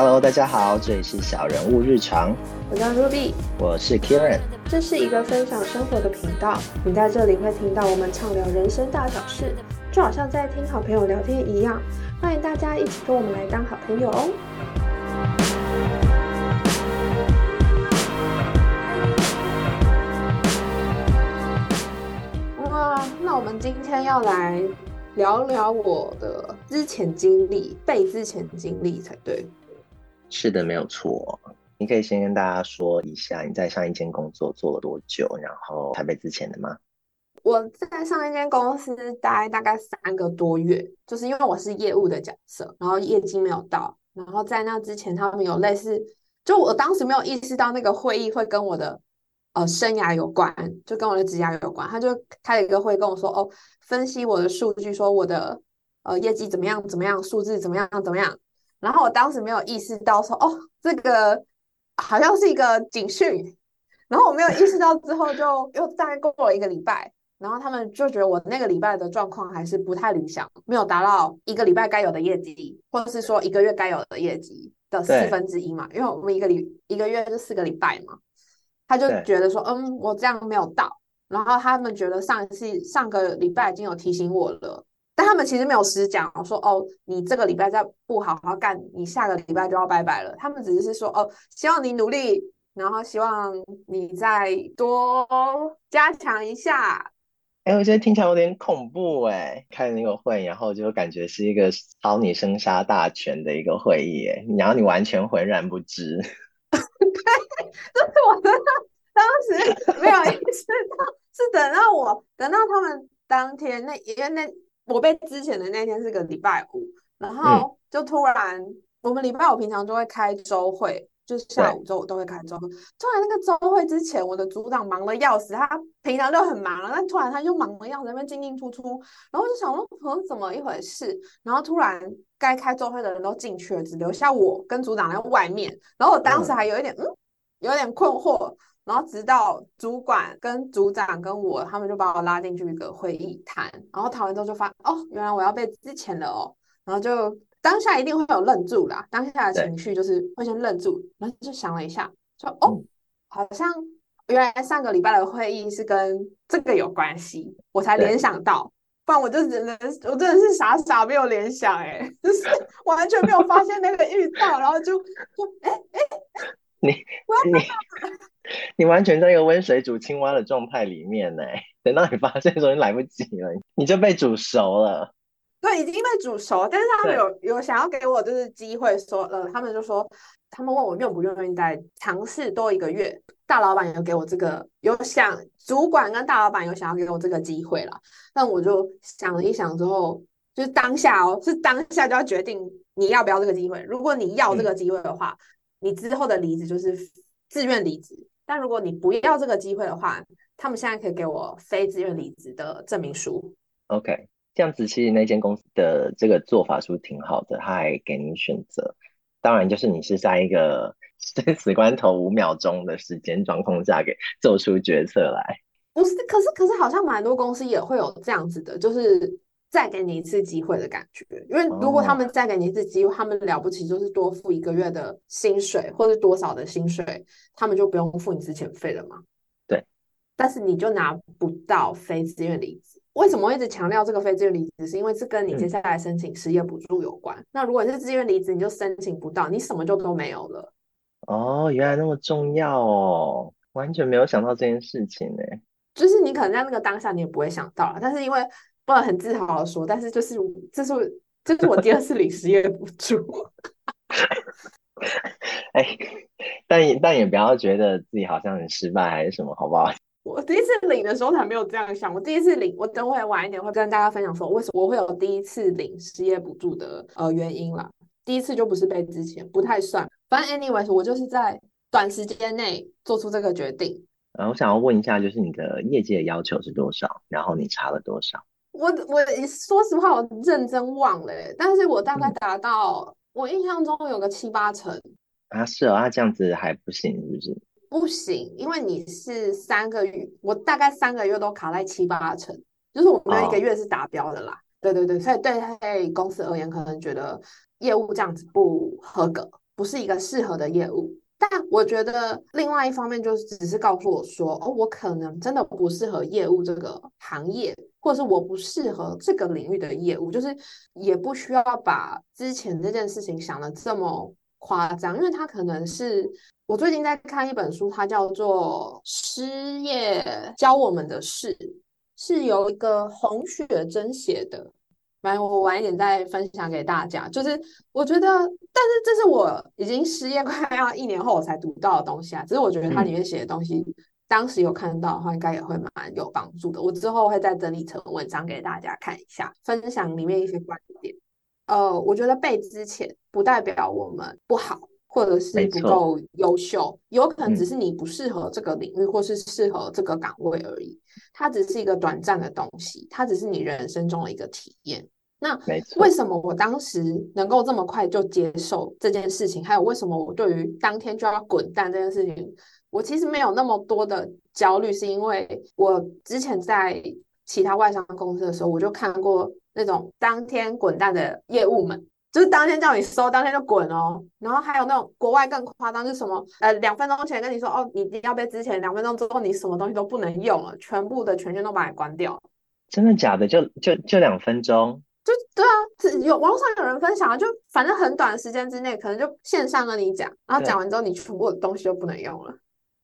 Hello，大家好，這裡是小人物日常。我叫 Ruby，我是 Keiran。這是一個分享生活的頻道，你在這裡會聽到我們暢聊人生大小事，就好像在聽好朋友聊天一樣。歡迎大家一起跟我們來當好朋友哦。哇，那我們今天要來聊聊我的資遣經歷，被資遣經歷才對。是的，沒有錯哦。你可以先跟大家說一下你在上一間工作做了多久，然後台北之前的嗎？我在上一間公司待大概三個多月，就是因為我是業務的角色，然後業績沒有到，然後在那之前他們有類似，就我當時沒有意識到那個會議會跟我的呃生涯有關，就跟我的職業有關。他就開一個會跟我說哦，分析我的數據，說我的呃業績怎麼樣怎麼樣，數字怎麼樣怎麼樣。然後我當時沒有意識到說，哦，這個好像是一個警訊。然後我沒有意識到之後，就又再過了一個禮拜。 然後他們就覺得我那個禮拜的狀況還是不太理想，沒有達到一個禮拜該有的業績，或者是說一個月該有的業績的四分之一嘛，對因為我們一個禮一個月是四個禮拜嘛。他就覺得說，對嗯，我這樣沒有到。然後他們覺得上一次上個禮拜已經有提醒我了。但他們其實沒有實講，說哦，你這個禮拜再不好好幹，你下個禮拜就要拜拜了。他們只是說哦，希望你努力，然後希望你再多加強一下。哎、欸，我覺得聽起來有點恐怖哎、欸，開那個會，然後就感覺是一個操你生殺大權的一個會議欸，然後你完全渾然不知。對，就是我真的當時沒有意識到，是等到我等到他們當天那因為那。我被資遣的那天是個禮拜五，然後就突然，嗯、我們禮拜五平常都會開週會，就是下午周五都會開週會。嗯、突然那個週會之前，我的組長忙的要死，他平常就很忙了，但突然他又忙的要在那邊進進出出。然後我就想問，我怎麼一回事？然後突然該開週會的人都進去了，只留下我跟組長在外面。然後我當時還有一點嗯、嗯，有點困惑。然後直到主管跟組長跟我，他們就把我拉進去一個會議談，然後談完之後就發哦，原來我要被資遣了哦，然後就當下一定會有愣住啦，當下的情緒就是會先愣住，對然後就想了一下，說哦，好像原來上個禮拜的會議是跟這個有關係，我才聯想到，對不然我就只能，我真的是傻傻沒有聯想、欸，哎，就是完全沒有發現那個預兆， 然後就就哎哎哎。欸欸你你 你完全在一個溫水煮青蛙的狀態裡面呢、欸，等到你發現的時候，已經來不及了，你就被煮熟了。對，已經被煮熟。但是他們有有想要給我就是機會說，說呃對，他們就說，他們問我願不願意再嘗試多一個月。大老板有給我這個，有想主管跟大老板有想要給我這個機會了。但我就想了一想之後，就是當下哦，是當下就要決定你要不要這個機會。如果你要這個機會的話。嗯你之後的離職就是自願離職，但如果你不要這個機會的話，他們現在可以給我非自願離職的證明書。OK，這樣子其實那間公司的這個做法是挺好的，他還給你選擇。當然，就是你是在一個生死關頭五秒鐘的時間狀況下給做出決策來。不是，可是可是好像蠻多公司也會有這樣子的，就是。再給你一次機會的感覺，因為如果他們再給你一次機會，oh. 他們了不起就是多付一個月的薪水，或是多少的薪水，他們就不用付你資遣費了嘛。對，但是你就拿不到非自願離職。為什麼一直強調這個非自願離職？是因為這跟你接下來申請失業補助有關。嗯、那如果你是自願離職，你就申請不到，你什麼就都沒有了。哦，oh, 原來那麼重要哦，完全沒有想到這件事情呢。就是你可能在那個當下你也不會想到，但是因為。不能很自豪的說，但是就是這是這是我第二次領失業補助。 哎，但也但也不要覺得自己好像很失敗還是什麼，好不好？我第一次領的時候才沒有這樣想。我第一次領，我等會晚一點會跟大家分享說，為什麼我會有第一次領失業補助的呃原因啦。第一次就不是被之前不太算，反正 anyways，我就是在短時間內做出這個決定。呃，我想要問一下，就是你的業績的要求是多少？然後你差了多少？我我說實話，我認真忘了、欸，但是我大概達到，嗯、我印象中有個七八成。啊是啊，是哦、這樣子還不行，是不是？不行，因為你是三個月，我大概三個月都卡在七八成，就是我沒有一個月是達標的啦。哦、對對對，所以對，對公司而言，可能覺得業務這樣子不合格，不是一個適合的業務。但我覺得，另外一方面就是，只是告訴我說，哦，我可能真的不適合業務這個行業，或者是我不適合這個領域的業務，就是也不需要把之前這件事情想的這麼誇張，因為他可能是我最近在看一本書，它叫做《失業教我們的事》，是由一個洪雪珍寫的。反正我晚一點再分享給大家，就是我覺得，但是這是我已經失業快要一年後我才讀到的東西啊。只是我覺得它裡面寫的東西，嗯、當時有看到的話，應該也會蠻有幫助的。我之後會再整理成文章給大家看一下，分享裡面一些觀點。呃，我覺得被資遣不代表我們不好。或者是不夠優秀，沒錯，有可能只是你不適合這個領域，嗯、或是適合這個崗位而已。它只是一個短暫的東西，它只是你人生中的一個體驗。那為什麼我當時能夠這麼快就接受這件事情？還有為什麼我對於當天就要滾蛋這件事情，我其實沒有那麼多的焦慮，是因為我之前在其他外商公司的時候，我就看過那種當天滾蛋的業務們。就是當天叫你收，當天就滾哦。然後還有那種國外更誇張，是什麼？呃，兩分鐘前跟你說，哦，你要被資遣，兩分鐘之後你什麼東西都不能用了，全部的權限都把它關掉。真的假的？就就就兩分鐘？就，就，就對啊，有網上有人分享啊，就反正很短時間之內，可能就線上跟你講，然後講完之後你全部的東西都不能用了。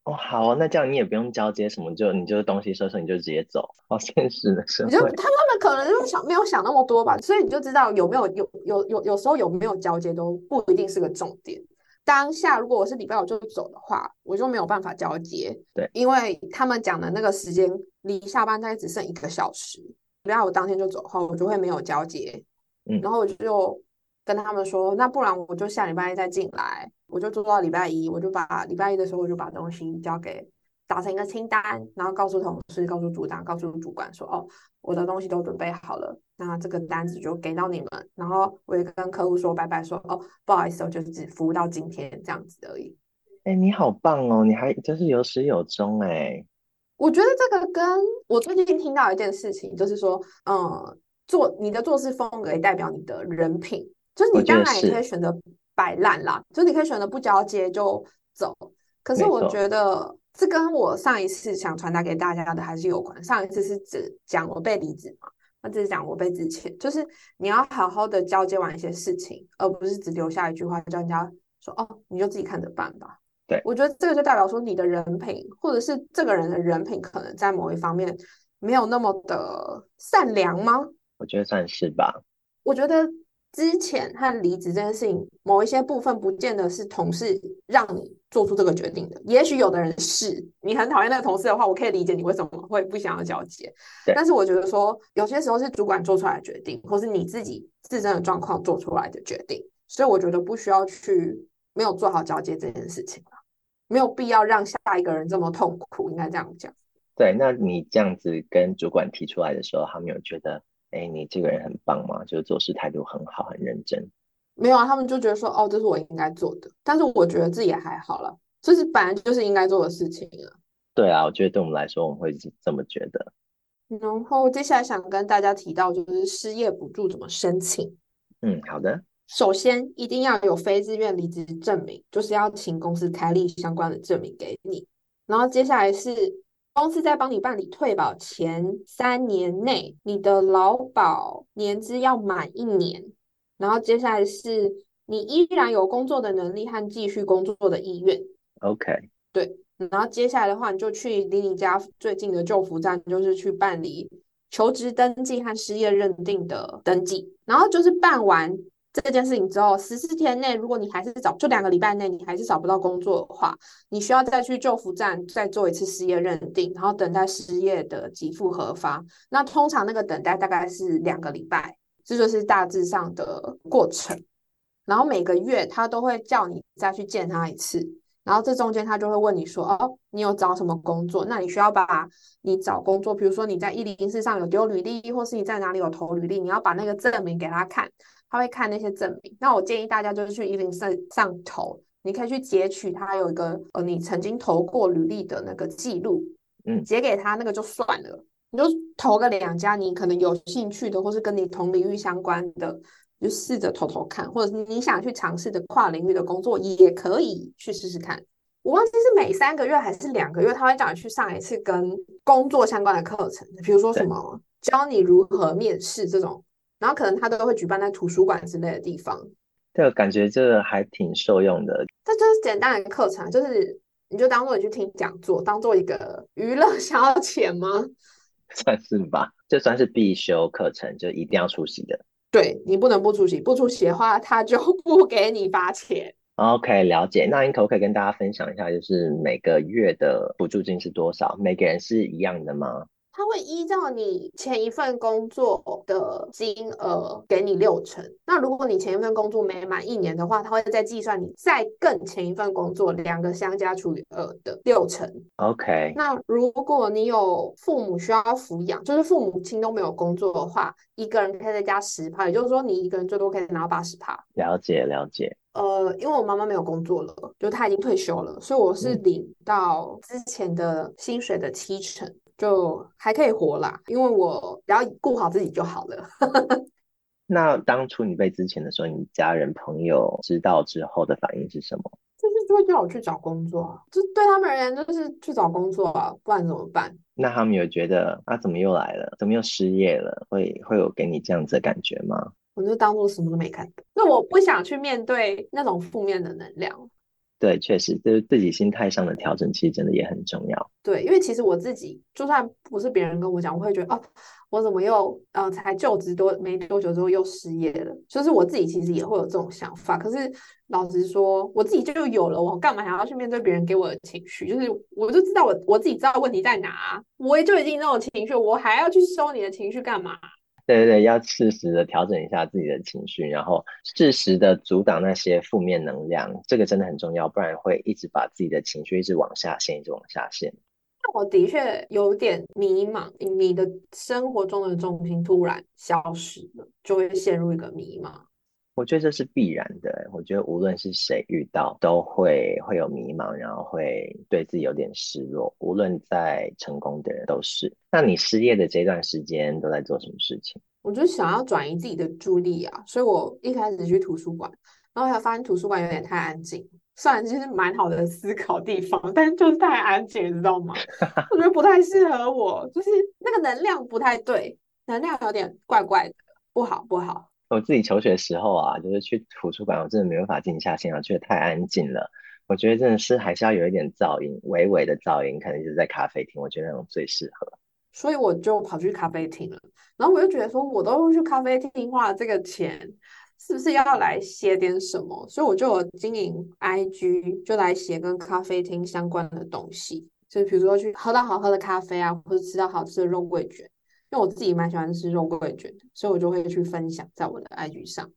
哦，好哦，那這樣你也不用交接什麼，就你就是東西收拾，你就直接走，好、哦、現實的事。你就他們可能就想沒有想那麼多吧，所以你就知道有沒有有有有有時候有沒有交接都不一定是個重點。當下如果我是禮拜五就走的話，我就沒有辦法交接，對，因為他們講的那個時間離下班大概只剩一個小時，然後我當天就走後，我就會沒有交接。嗯，然後我就跟他們說，那不然我就下禮拜再進來。我就做到禮拜一，我就把禮拜一的時候，我就把東西交給，打成一個清單，嗯、然後告訴同事，告訴組長，告訴主管說，哦，我的東西都準備好了，那這個單子就給到你們。然後我也跟客戶說拜拜說，說哦，不好意思，我就是只服務到今天這樣子而已。哎、欸，你好棒哦，你還真、就是有始有終哎、欸。我覺得這個跟我最近聽到一件事情，就是說，嗯，做你的做事風格也代表你的人品，就是你當然也可以選擇。擺爛啦，就你可以選擇不交接就走。可是我覺得沒錯。這跟我上一次想傳達給大家的還是有關。上一次是指講我被離職嘛，那這是講我被資遣，就是你要好好的交接完一些事情，而不是只留下一句話叫人家說哦，你就自己看着辦吧。對，我覺得這個就代表說你的人品，或者是這個人的人品，可能在某一方面沒有那麼的善良嗎？我覺得算是吧。我覺得。之前他離職這件事情，某一些部分不見得是同事讓你做出這個決定的。也許有的人是你很討厭那個同事的話，我可以理解你為什麼會不想要交接。對但是我覺得說，有些時候是主管做出來的決定，或是你自己自身的狀況做出來的決定。所以我覺得不需要去沒有做好交接這件事情了，沒有必要讓下一個人這麼痛苦。應該這樣講。對，那你這樣子跟主管提出來的時候，他沒有覺得？哎，你這個人很棒嘛，就是做事態度很好，很認真。沒有啊，他們就覺得說，哦，這是我應該做的。但是我覺得自己還好了，這是本來就是應該做的事情啊。對啊，我覺得對我們來說，我們會是這麼覺得。然後接下來想跟大家提到，就是失業補助怎麼申請。嗯，好的。首先一定要有非自願離職證明，就是要請公司開立相關的證明給你。然後接下來是。公司在幫你辦理退保前三年內，你的勞保年資要滿一年，然後接下來是你依然有工作的能力和繼續工作的意願。OK，對，然後接下來的話你就去離你家最近的就服站，就是去辦理求職登記和失業認定的登記，然後就是辦完。這件事情之後十四天內，如果你還是找，就兩個禮拜內你還是找不到工作的話，你需要再去就服站再做一次失業認定，然後等待失業的給付核發。那通常那個等待大概是兩個禮拜，這就是大致上的過程。然後每個月他都會叫你再去見他一次，然後這中間他就會問你說：“哦，你有找什麼工作？那你需要把你找工作，比如說你在104上有丟履歷，或是你在哪裡有投履歷，你要把那個證明給他看。”他會看那些證明，那我建議大家就是去104上投，你可以去截取他有一個呃，你曾經投過履歷的那個記錄，截給他那個就算了，你就投個兩家你可能有興趣的，或是跟你同領域相關的，就試着投投看，或者是你想去嘗試的跨領域的工作也可以去試試看。我忘記是每三個月還是兩個月，他會叫你去上一次跟工作相關的課程，比如說什麼對教你如何面試這種。然後可能他都會舉辦在圖書館之類的地方，對，感覺這個還挺受用的。這就是簡單的課程，就是你就當做你去聽講座，當做一個娛樂消遣嗎？算是吧，這算是必修課程，就一定要出席的。對，你不能不出席，不出席的話，他就不給你發錢。OK，了解。那 i 可不可以跟大家分享一下，就是每個月的補助金是多少？每個人是一樣的嗎？他會依照你前一份工作的金額，給你六成。那如果你前一份工作沒滿一年的話，他會再計算你再更前一份工作兩個相加除以二的六成。OK。那如果你有父母需要撫養，就是父母親都沒有工作的話，一個人可以再加十趴，也就是說你一個人最多可以拿到八十趴。了解了解。呃，因為我媽媽沒有工作了，就她已經退休了，所以我是領到之前的薪水的七成。嗯就還可以活啦，因為我只要顧好自己就好了。 那當初你被資遣的時候，你家人朋友知道之後的反應是什麼？就是就會叫我去找工作，這對他們而言就是去找工作啊，不然怎麼辦？那他們有覺得啊，怎麼又來了？怎麼又失業了？會會有給你這樣子的感覺嗎？我就當做什麼都沒看。那我不想去面對那種負面的能量。對，確實就是自己心態上的調整，其實真的也很重要。對，因為其實我自己就算不是別人跟我講，我會覺得哦、啊，我怎麼又呃才就職多沒多久之後又失業了？就是我自己其實也會有這種想法。可是老實說，我自己就有了，我幹嘛還要去面對別人給我的情緒？就是我就知道我我自己知道問題在哪，我也就已經那種情緒，我還要去收你的情緒幹嘛？對對對，要適時的調整一下自己的情緒，然後適時的阻擋那些負面能量，這個真的很重要，不然會一直把自己的情緒一直往下陷，一直往下陷。那我的確有點迷茫，你的生活中的重心突然消失了，就會陷入一個迷茫。我覺得這是必然的。我覺得無論是誰遇到，都會會有迷茫，然後會對自己有點失落。無論再成功的人都是。那你失業的這一段時間都在做什麼事情？我就想要轉移自己的注意力啊，所以我一開始就去圖書館，然後才發現圖書館有點太安靜。雖然其實蠻好的思考地方，但是就是太安靜，你知道嗎？ 我覺得不太適合我，就是那個能量不太對，能量有點怪怪的，不好不好。我自己求學的時候啊，就是去圖書館，我真的沒辦法靜下心來啊，覺得太安靜了。我覺得真的是還是要有一點噪音，微微的噪音，可能就是在咖啡廳。我覺得那種最適合，所以我就跑去咖啡廳了。然後我就覺得說，我都去咖啡廳花了這個錢，是不是要來寫點什麼？所以我就有經營 IG，就來寫跟咖啡廳相關的東西，就是比如說去喝到好喝的咖啡啊，或者吃到好吃的肉桂卷。因為我自己蠻喜歡吃肉桂卷的，所以我就會去分享在我的 IG 上。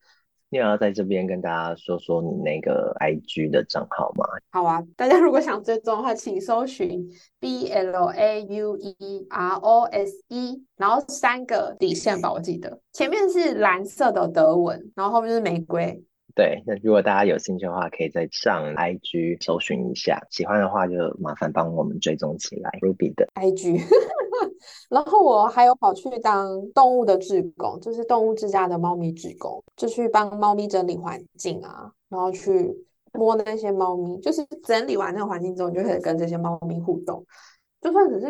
你要在這邊跟大家說說你那個 IG 的賬號嗎？好啊，大家如果想追蹤的話，請搜尋 b l a u e r o s e，然後三個底線吧，我記得。前面是藍色的德文，然後後面是玫瑰。對，那如果大家有興趣的話，可以再上 IG 搜尋一下，喜歡的話就麻煩幫我們追蹤起來 Ruby 的 IG 。然後我還有跑去當動物的志工，就是動物之家的貓咪志工，就去幫貓咪整理環境啊，然後去摸那些貓咪，就是整理完那個環境之後，你就可以跟這些貓咪互動，就算只是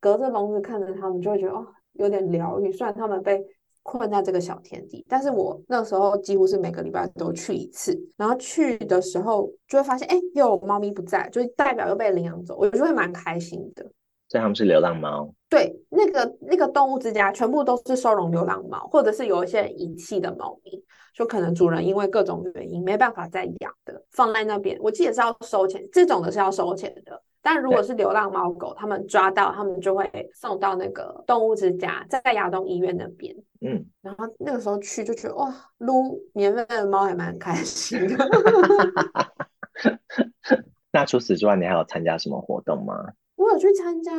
隔着籠子看着他們，就會覺得哦有點療癒，雖然他們被。困在這個小天地，但是我那時候幾乎是每個禮拜都去一次，然後去的時候就會發現，哎，又有貓咪不在，就代表又被領養走，我就會蠻開心的。所以他們是流浪貓。對，那個那個動物之家全部都是收容流浪貓，或者是有一些遺棄的貓咪，就可能主人因為各種原因沒辦法再養的，放在那邊。我記得是要收錢，這種的是要收錢的。但如果是流浪貓狗，對他們抓到，他們就會送到那個動物之家，在亞東醫院那邊。嗯，然後那個時候去就覺得哇，擼年份的貓還蠻開心的。 那除此之外，你還有參加什麼活動嗎？我有去參加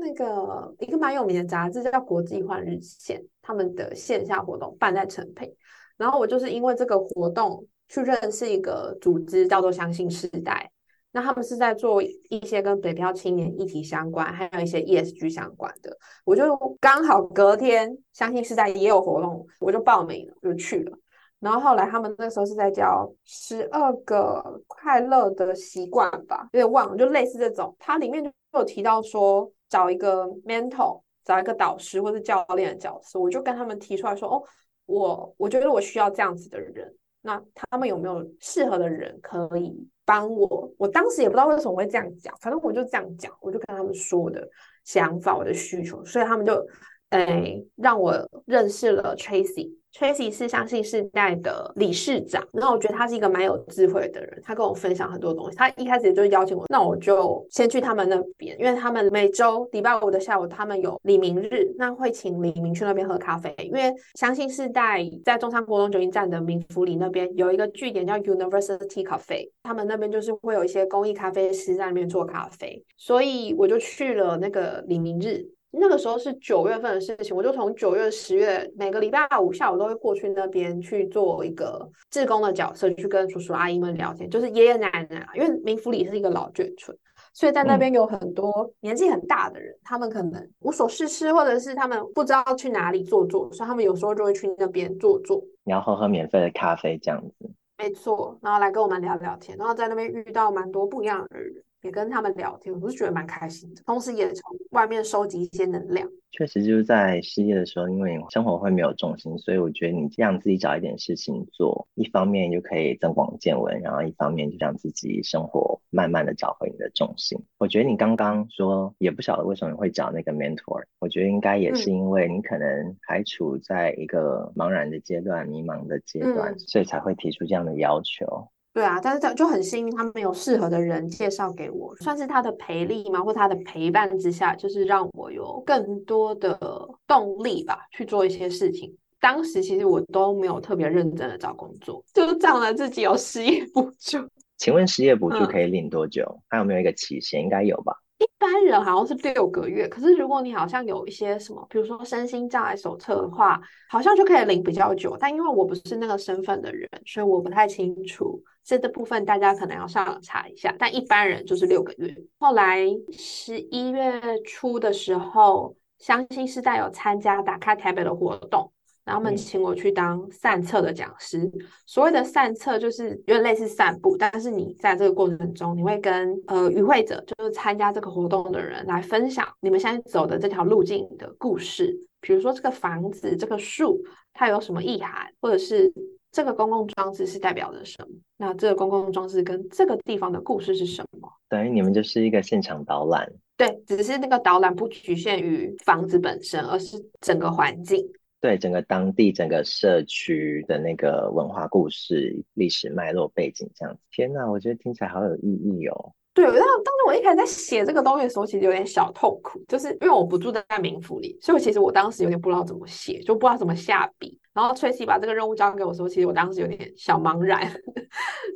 那個一個蠻有名的雜誌，叫《國際換日線》，他們的線下活動辦在誠品，然後我就是因為這個活動去認識一個組織，叫做“相信世代”。那他們是在做一些跟北漂青年議題相關，還有一些 ESG 相關的。我就剛好隔天，相信世代也有活動，我就報名了，我就去了。然後後來他們那時候是在叫十二個快樂的習慣吧，有點忘了，就類似這種。它裡面就有提到說找一個 mentor，找一個導師或是教練的角色。我就跟他們提出來說，哦，我我覺得我需要這樣子的人。那他們有沒有適合的人可以？幫我，我當時也不知道為什麼會這樣講，反正我就這樣講，我就跟他們說我的想法、我的需求，所以他們就誒、哎、讓我認識了 Tracy。Tracy 是相信世代的理事長，那我覺得他是一個蠻有智慧的人。他跟我分享很多東西。他一開始就邀請我，那我就先去他們那邊，因為他們每週禮拜五的下午，他們有里民日，那會請里民去那邊喝咖啡。因為相信世代在中山國中酒店站的民福里那邊有一個據點叫 University Coffee，他們那邊就是會有一些公益咖啡師在那邊做咖啡，所以我就去了那個里民日。那個時候是九月份的事情，我就從九月、十月每個禮拜五下午都會過去那邊去做一個志工的角色，去跟叔叔阿姨們聊天，就是爺爺奶奶。因為民福里是一個老眷村，所以在那邊有很多年紀很大的人，嗯，他們可能無所事事，或者是他們不知道去哪裡坐坐，所以他們有時候就會去那邊坐坐，然後喝喝免費的咖啡這樣子。沒錯，然後來跟我們聊聊天，然後在那邊遇到蠻多不一樣的人。也跟他們聊天，我是覺得蠻開心的。同時，也從外面收集一些能量。確實，就是在失業的時候，因為生活會沒有重心，所以我覺得你這樣自己找一點事情做，一方面就可以增廣見聞，然後一方面就讓自己生活慢慢的找回你的重心。我覺得你剛剛說也不曉得為什麼你會找那個 mentor，我覺得應該也是因為你可能還處在一個茫然的階段、迷茫的階段，嗯、所以才會提出這樣的要求。對啊，但是他就很幸運，他沒有適合的人介紹給我，算是他的陪力嘛，或他的陪伴之下，就是讓我有更多的動力吧，去做一些事情。當時其實我都沒有特別認真的找工作，就仗着自己有失業補助。請問失業補助可以領多久？還、嗯、有沒有一個期限？應該有吧。一般人好像是六個月，可是如果你好像有一些什麼，比如說身心障礙手冊的話，好像就可以領比較久。但因為我不是那個身份的人，所以我不太清楚這個部分，大家可能要上網查一下。但一般人就是六個月。後來十一月初的時候，相信是在有參加打 t 台北的活動。然後他們請我去當散策的講師。嗯、所謂的散策就是，有點類似散步，但是你在這個過程中，你會跟呃與會者，就是參加這個活動的人來分享你們現在走的這條路徑的故事。比如說，這個房子、這個樹它有什麼意涵，或者是這個公共裝置是代表着什麼？那這個公共裝置跟這個地方的故事是什麼？對，你們就是一個現場導覽。對，只是那個導覽不局限於房子本身，而是整個環境。對整個當地整個社區的那個文化故事、歷史脈絡、背景這樣子。天哪，我覺得聽起來好有意義哦。對，然後當時我一開始在寫這個東西的時候，其實有點小痛苦，就是因為我不住在民府裡，所以其實我當時有點不知道怎麼寫，就不知道怎麼下筆。然後崔 r 把這個任務交給我說，其實我當時有點小茫然，呵呵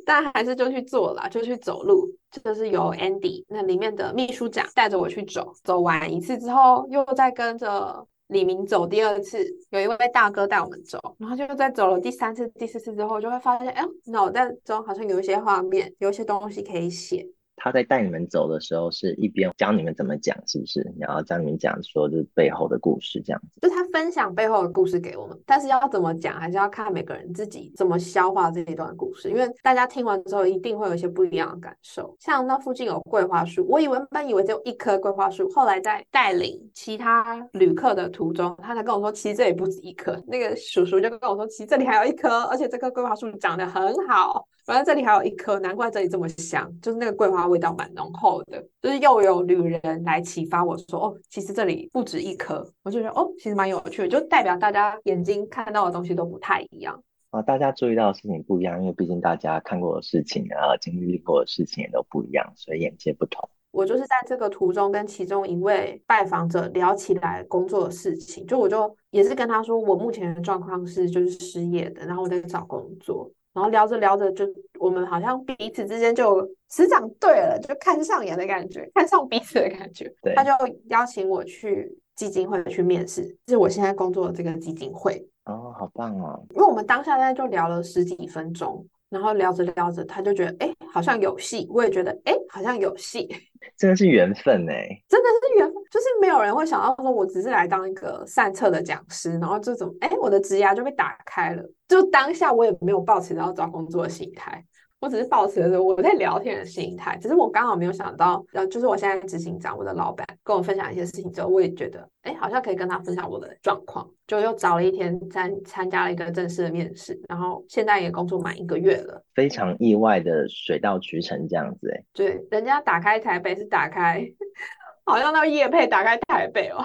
但還是就去做了，就去走路。就是由 Andy 那裡面的秘書長帶着我去走，走完一次之後，又再跟着，李明走第二次，有一位大哥帶我們走，然後就在走了第三次、第四次之後，就會發現，哎、欸，腦袋中好像有一些畫面，有一些東西可以寫。他在帶你們走的時候，是一邊教你們怎麼講，是不是？然後教你們講說就是背後的故事，這樣子。就他分享背後的故事給我們，但是要怎麼講，還是要看每個人自己怎麼消化這一段故事。因為大家聽完之後，一定會有一些不一樣的感受。像那附近有桂花樹，我以為本以為只有一棵桂花樹，後來在帶領其他旅客的途中，他才跟我說，其實這裡不止一棵。那個叔叔就跟我說，其實這裡還有一棵，而且這棵桂花樹長得很好。反正這裡還有一棵，難怪這裡這麼香，就是那個桂花。味道蠻濃厚的，就是又有旅人來啟發我說，哦，其實這裡不止一顆，我就覺得，哦，其實蠻有趣的，就代表大家眼睛看到的東西都不太一樣啊。大家注意到的事情不一樣，因為畢竟大家看過的事情啊，經歷過的事情也都不一樣，所以眼界不同。我就是在這個途中跟其中一位拜訪者聊起來工作的事情，就我就也是跟他說，我目前的狀況是就是失業的，然後我在找工作。然後聊着聊着，就我們好像彼此之間就磁場對了，就看上眼的感覺，看上彼此的感覺。對他就邀請我去基金會去面試，就是我現在工作的這個基金會。哦，好棒哦！因為我們當下大概就聊了十幾分鐘。然後聊着聊着，他就覺得哎，好像有戲；我也覺得哎，好像有戲。欸、真的是緣分哎，真的是緣分。就是沒有人會想到說，我只是來當一個善策的講師，然後這種哎，我的職涯就被打開了。就當下我也沒有抱持要找工作的心態。我只是抱持着我在聊天的心態，只是我剛好沒有想到，然後就是我現在執行長，我的老闆跟我分享一些事情之後，我也覺得，誒好像可以跟他分享我的狀況，就又找了一天參參加了一個正式的面試，然後現在也工作滿一個月了，非常意外的水到渠成這樣子，誒對，人家打開台北是打開，好像到業配打開台北哦。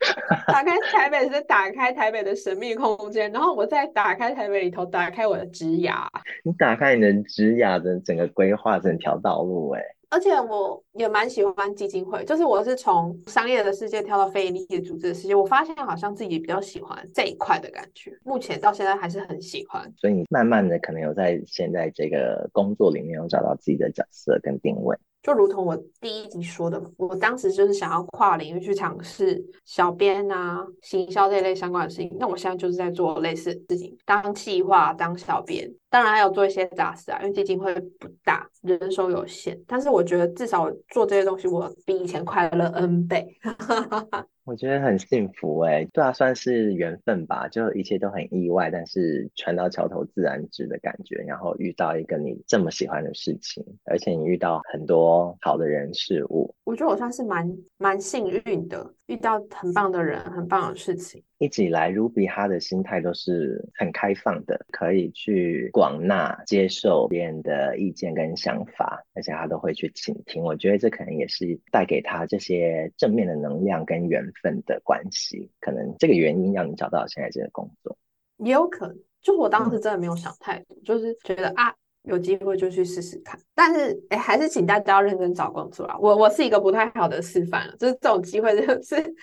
打開台北是打開台北的神秘空間，然後我在打開台北裡頭打開我的職涯。你打開你的職涯的整個規劃，整條道路，哎、欸。而且我也蠻喜歡基金會，就是我是從商業的世界跳到非營利的組織的世界，我發現好像自己比較喜歡這一塊的感覺，目前到現在還是很喜歡。所以你慢慢的可能有在現在這個工作裡面有找到自己的角色跟定位。就如同我第一集說的，我當時就是想要跨領域去嘗試小編啊、行銷這一類相關的事情。那我現在就是在做類似的事情，當企劃、當小編。當然還有做一些雜事啊，因為基金會不大，人手有限。但是我覺得至少做這些東西，我比以前快樂 N 倍。 我覺得很幸福哎、欸，對啊，算是緣分吧，就一切都很意外，但是船到橋頭自然直的感覺。然後遇到一個你這麼喜歡的事情，而且你遇到很多好的人事物。我覺得我算是蠻蠻幸運的，遇到很棒的人，很棒的事情。一直以來，Ruby 他的心態都是很開放的，可以去廣納接受別人的意見跟想法，而且他都會去傾聽。我覺得這可能也是帶給他這些正面的能量跟緣分的關係，可能這個原因讓你找到現在這個工作。也有可能，就我當時真的沒有想太多，嗯、就是覺得啊。有機會就去試試看，但是哎、欸，還是請大家要認真找工作啦、啊。我我是一個不太好的示範，就是這種機會，就是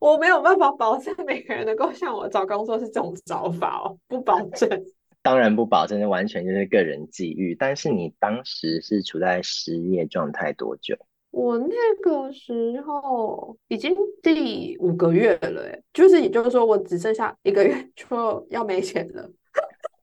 我沒有辦法保證每個人能夠像我找工作是這種找法哦，不保證。當然不保證，完全就是個人際遇。但是你當時是處在失業狀態多久？我那個時候已經第五個月了、欸，哎，就是也就是說，我只剩下一個月就要沒錢了。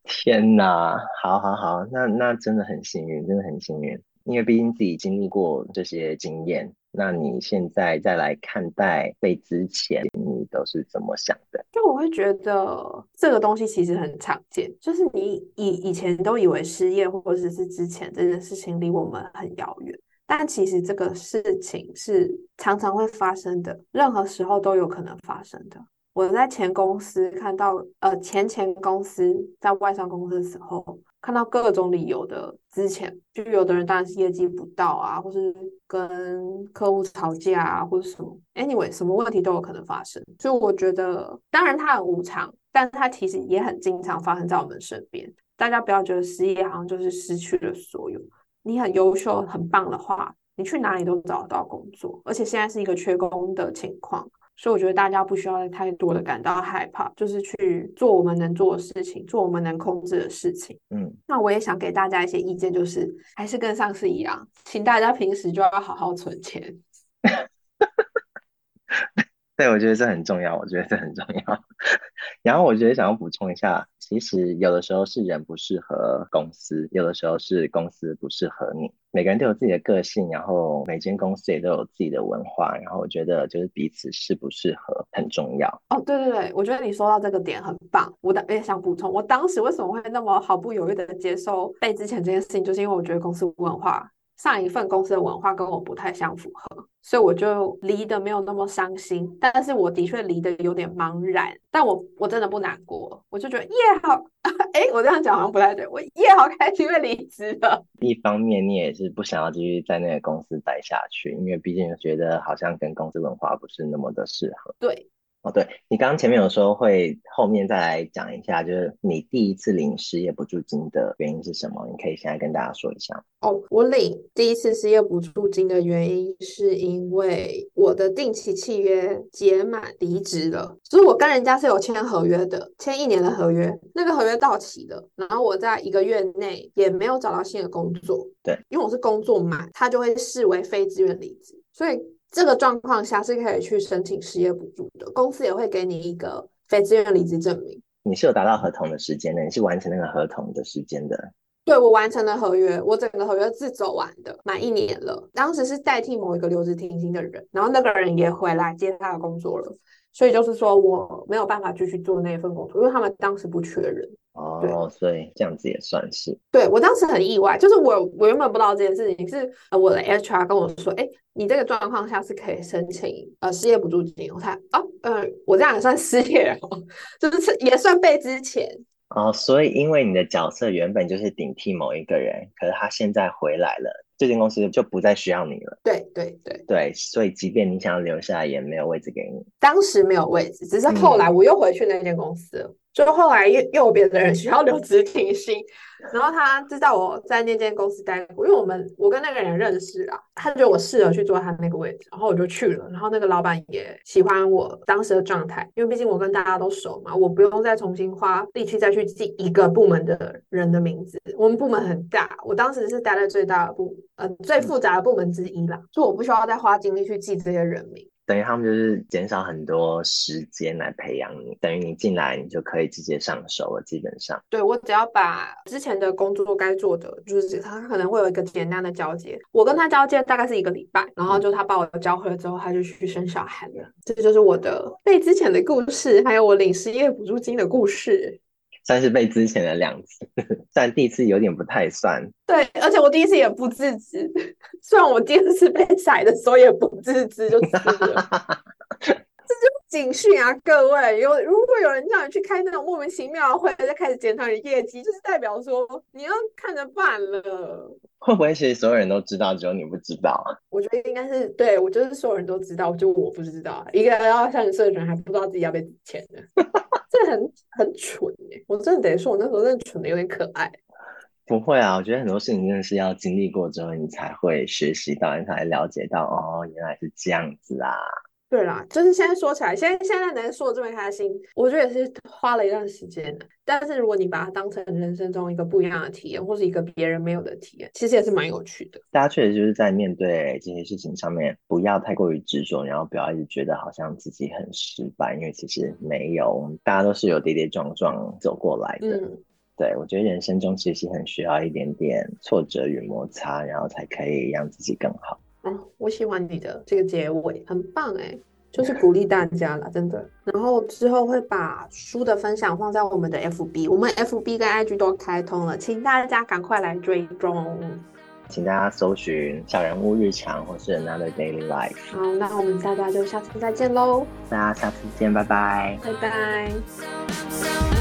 天吶，好好好，那那真的很幸運，真的很幸運，因為畢竟自己經歷過這些經驗。那你現在再來看待被資遣，你都是怎麼想的？就我會覺得這個東西其實很常見，就是你以以前都以為失業或者是資遣這件事情離我們很遙遠，但其實這個事情是常常會發生的，任何時候都有可能發生的。我在前公司看到，呃，前前公司在外商公司的時候，看到各種理由的資遣，就有的人當然是業績不到啊，或是跟客戶吵架啊，或者什麼，anyway，什麼問題都有可能發生。所以我覺得，當然它很無常，但它其實也很經常發生在我們身邊。大家不要覺得失業好像就是失去了所有，你很優秀、很棒的話，你去哪裡都找得到工作。而且現在是一個缺工的情況。所以我覺得大家不需要太多的感到害怕，就是去做我們能做的事情，做我們能控制的事情。嗯，那我也想給大家一些意見，就是還是跟上次一樣，請大家平時就要好好存錢。 對，我覺得這很重要，我覺得這很重要。然後我覺得想要補充一下。其實有的時候是人不適合公司，有的時候是公司不適合你。每個人都有自己的個性，然後每間公司也都有自己的文化，然後我覺得就是彼此適不適合很重要。哦，對對對，我覺得你說到這個點很棒。我當，我也想補充，我當時為什麼會那麼毫不猶豫的接受被資遣這件事情，就是因為我覺得公司文化。上一份公司的文化跟我不太相符合，所以我就離得沒有那麼傷心，但是我的確離得有點茫然。但我我真的不難過，我就覺得耶好，哎、欸，我這樣講好像不太對。我耶好開心，因為離職了。一方面，你也是不想要繼續在那個公司待下去，因為畢竟覺得好像跟公司文化不是那麼的適合。對。對，你剛剛前面有說會，後面再來講一下，就是你第一次領失業補助金的原因是什麼？你可以現在跟大家說一下。哦，oh, 我領第一次失業補助金的原因是因為我的定期契約解滿離職了，就是我跟人家是有簽合約的，簽一年的合約，那個合約到期了，然後我在一個月內也沒有找到新的工作，對，因為我是工作滿，他就會視為非自願離職，所以。這個狀況下是可以去申請失業補助的，公司也會給你一個非自願離職證明。你是有達到合同的時間的，你是完成那個合同的時間的。對，我完成了合約，我整個合約是走完的，滿一年了。當時是代替某一個留職停薪的人，然後那個人也回來接他的工作了。所以就是說，我沒有辦法繼續做那份工作，因為他們當時不缺人。哦，對所以這樣子也算是。對，我當時很意外，就是我我原本不知道這件事情，是我的 HR 跟我說，哎、欸，你這個狀況下是可以申請呃失業補助金。我才，啊、哦，呃，我這樣也算失業哦。就是也算被資遣。哦，所以因為你的角色原本就是頂替某一個人，可是他現在回來了。這間公司就不再需要你了。對對對對，所以即便你想要留下也沒有位置給你。當時沒有位置，只是後來我又回去那間公司。嗯就是後來又又有別的人需要留職停薪，然後他知道我在那間公司待過，因為我們我跟那個人認識啊，他覺得我適合去做他那個位置，然後我就去了，然後那個老闆也喜歡我當時的狀態，因為畢竟我跟大家都熟嘛，我不用再重新花力氣再去記一個部門的人的名字。我們部門很大，我當時是待在最大的部呃最複雜的部門之一啦，就我不需要再花精力去記這些人名。等於他們就是減少很多時間來培養你，等於你進來你就可以直接上手了，基本上。對，我只要把之前的工作都該做的，就是他可能會有一個簡單的交接，我跟他交接大概是一個禮拜，然後就他把我教會了之後，他就去生小孩了。這就是我的被資遣的故事，還有我領失業補助金的故事。算是被資遣了兩次，但第一次有點不太算。對，而且我第一次也不自知，雖然我第一次被甩的時候也不自知，就是。 警訊啊！各位有，如果有人叫你去開那種莫名其妙的會，再開始檢查你的業績，就是代表說你要看着辦了。會不會其實所有人都知道，只有你不知道啊？我覺得應該是對，我就是所有人都知道，就我不知道。一個二三十歲的人還不知道自己要被遣呢，這很很蠢，欸、我真的得說我那時候真的蠢的有點可愛。不會啊，我覺得很多事情真的是要經歷過之後，你才會學習到，你才了解到哦，原來是這樣子啊。對啦，就是現在說起來，現在現在能說的這麼開心，我覺得也是花了一段時間的。但是如果你把它當成人生中一個不一樣的體驗，或是一個別人沒有的體驗，其實也是蠻有趣的。大家確實就是在面對這些事情上面，不要太過於執着，然後不要一直覺得好像自己很失敗，因為其實沒有，大家都是有跌跌撞撞走過來的。嗯、對，我覺得人生中其實很需要一點點挫折與摩擦，然後才可以讓自己更好。哦，我喜歡你的這個結尾，很棒哎，就是鼓勵大家啦，真的。然後之後會把書的分享放在我們的 FB，我們 FB 跟 IG 都開通了，請大家趕快來追蹤，請大家搜尋“小人物日常”或是 “Another Daily Life”。好，那我們大家就下次再見嘍，大家下次見，拜拜，拜拜。